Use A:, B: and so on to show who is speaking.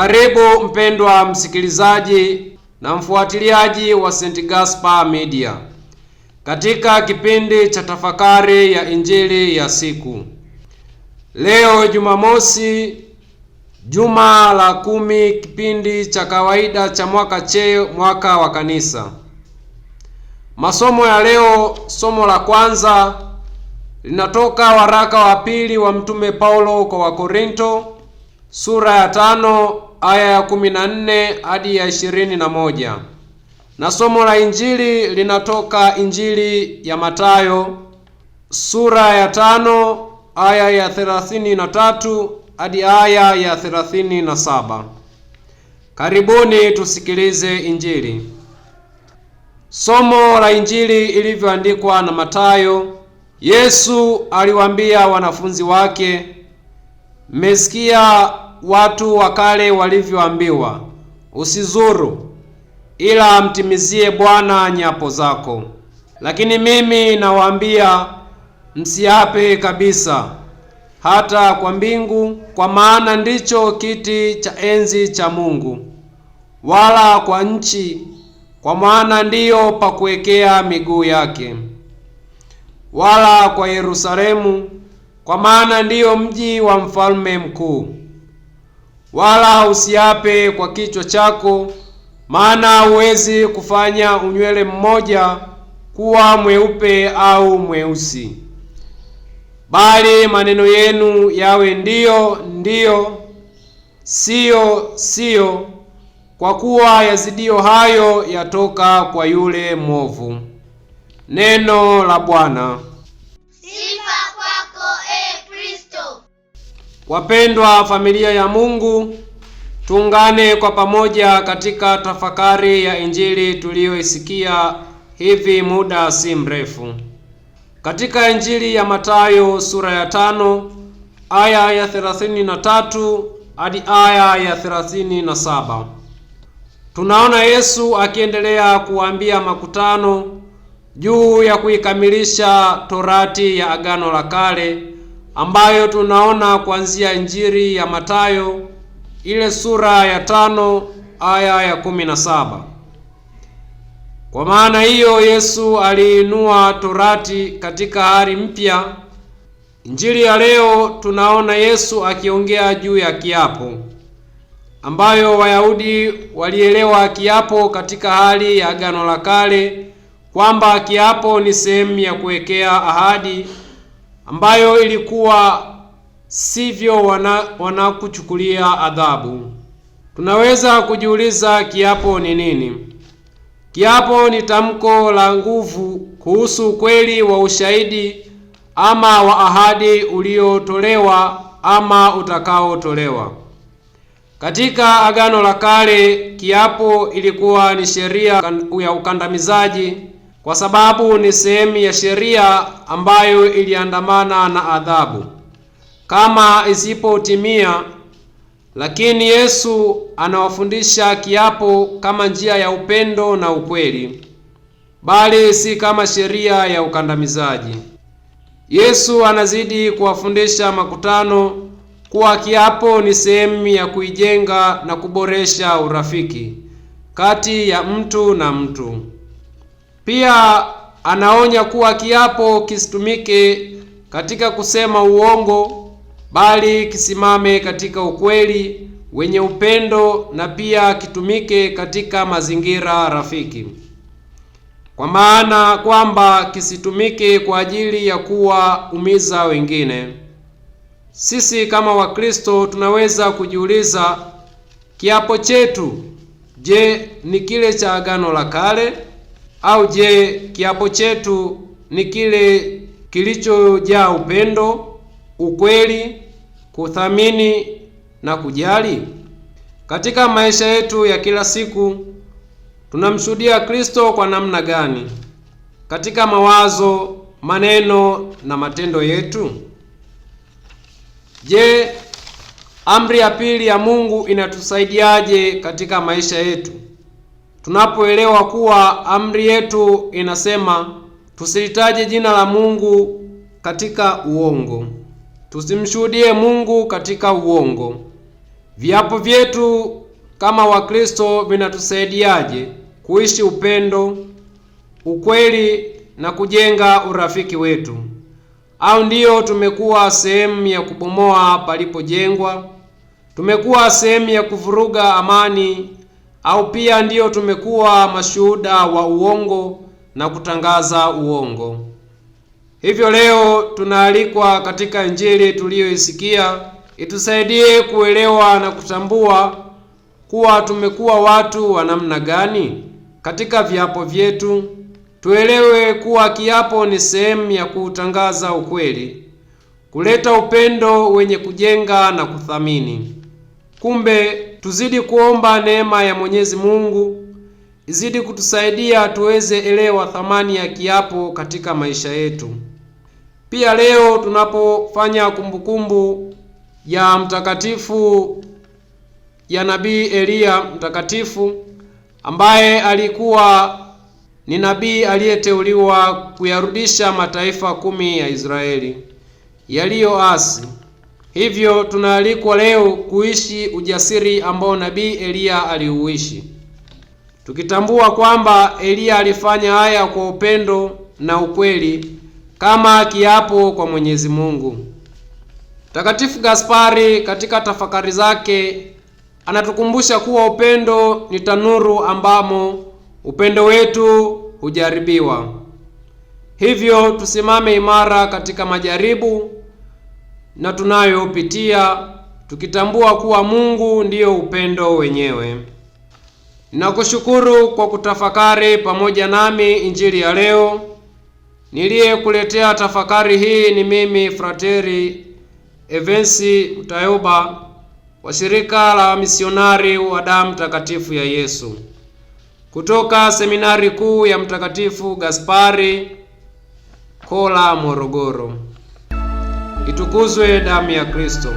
A: Karibu mpendwa msikilizaji na mfuatiliaji wa St. Gaspar Media katika kipindi cha tafakari ya injili ya siku leo, Jumamosi, juma la kumi, kipindi cha kawaida cha mwaka che mwaka wa Kanisa. Masomo ya leo, somo la kwanza linatoka waraka wa pili wa mtume Paulo kwa Wakorinto sura ya tano aya ya 14 hadi ya 21. Na somo la injili linatoka injili ya matayo sura ya tano aya ya tatu hadi aya ya na saba Karibuni tusikilize injili. Somo la injili ilivyoandikwa na matayo Yesu aliwaambia wanafunzi wake, mmesikia watu wa kale walivyoambiwa, usizuru, ila mtimizie Bwana nyapo zako. Lakini mimi nawaambia, msiape kabisa, hata kwa mbingu, kwa maana ndicho kiti cha enzi cha Mungu, wala kwa nchi, kwa maana ndiyo pa kuwekea miguu yake, wala kwa Yerusalemu, kwa maana ndiyo mji wa mfalme mkuu wala usiape kwa kichwa chako, maana huwezi kufanya unywele mmoja kuwa mweupe au mweusi, bali maneno yenu yawe ndiyo ndiyo, siyo siyo, kwa kuwa yazidio hayo yatoka kwa yule mwovu. Neno la Bwana.
B: Wapendwa familia ya Mungu, tuungane kwa pamoja katika tafakari ya Injili tuliyoisikia hivi muda si mrefu. Katika Injili ya Mathayo sura ya tano aya ya 33 hadi aya ya 37. Tunaona Yesu akiendelea kuambia makutano juu ya kuikamilisha torati ya Agano la Kale ambayo tunaona kuanzia Injili ya Mathayo ile sura ya tano aya ya kumi na saba. Kwa maana hiyo Yesu aliinua torati katika hali mpya. Injili ya leo tunaona Yesu akiongea juu ya kiapo ambayo Wayahudi walielewa kiapo katika hali ya Agano la Kale kwamba kiapo ni sehemu ya kuwekea ahadi ambayo ilikuwa sivyo, wana wanakuchukulia adhabu. Tunaweza kujiuliza kiapo ni nini? Kiapo ni tamko la nguvu kuhusu ukweli wa ushahidi ama wa ahadi uliotolewa ama utakaotolewa. Katika Agano la Kale, kiapo ilikuwa ni sheria ya ukandamizaji kwa sababu ni sehemu ya sheria ambayo iliandamana na adhabu kama isipotimia. Lakini Yesu anawafundisha kiapo kama njia ya upendo na ukweli, bali si kama sheria ya ukandamizaji. Yesu anazidi kuwafundisha makutano kuwa kiapo ni sehemu ya kuijenga na kuboresha urafiki kati ya mtu na mtu. Pia anaonya kuwa kiapo kisitumike katika kusema uongo, bali kisimame katika ukweli wenye upendo na pia kitumike katika mazingira rafiki, kwa maana kwamba kisitumike kwa ajili ya kuwaumiza wengine. Sisi kama Wakristo tunaweza kujiuliza kiapo chetu, je, ni kile cha Agano la Kale au je, kiapo chetu ni kile kilichojaa upendo, ukweli, kuthamini na kujali? Katika maisha yetu ya kila siku tunamshuhudia Kristo kwa namna gani? Katika mawazo, maneno na matendo yetu. Je, amri ya pili ya Mungu inatusaidiaje katika maisha yetu? tunapoelewa kuwa amri yetu inasema tusilitaje jina la Mungu katika uongo, tusimshuhudie Mungu katika uongo. Viapo vyetu kama Wakristo vinatusaidiaje kuishi upendo, ukweli na kujenga urafiki wetu? Au ndiyo tumekuwa sehemu ya kubomoa palipojengwa? Tumekuwa sehemu ya kuvuruga amani au pia ndiyo tumekuwa mashuhuda wa uongo na kutangaza uongo. Hivyo leo tunaalikwa katika Injili tuliyoisikia itusaidie kuelewa na kutambua kuwa tumekuwa watu wa namna gani katika viapo vyetu. Tuelewe kuwa kiapo ni sehemu ya kuutangaza ukweli, kuleta upendo wenye kujenga na kuthamini. Kumbe tuzidi kuomba neema ya Mwenyezi Mungu izidi kutusaidia tuweze elewa thamani ya kiapo katika maisha yetu. Pia leo tunapofanya kumbukumbu ya mtakatifu ya nabii Eliya mtakatifu ambaye alikuwa ni nabii aliyeteuliwa kuyarudisha mataifa kumi ya Israeli yaliyoasi. Hivyo tunaalikwa leo kuishi ujasiri ambao nabii Eliya aliuishi, tukitambua kwamba Eliya alifanya haya kwa upendo na ukweli kama kiapo kwa Mwenyezi Mungu. Mtakatifu Gaspari katika tafakari zake anatukumbusha kuwa upendo ni tanuru ambamo upendo wetu hujaribiwa. Hivyo tusimame imara katika majaribu na tunayopitia, tukitambua kuwa Mungu ndiyo upendo wenyewe. Nakushukuru kwa kutafakari pamoja nami injili ya leo. Niliyekuletea tafakari hii ni mimi Frateri Evensi Utayoba wa shirika la misionari wa damu takatifu ya Yesu kutoka seminari kuu ya Mtakatifu Gaspari Kola, Morogoro. Itukuzwe damu ya Kristo!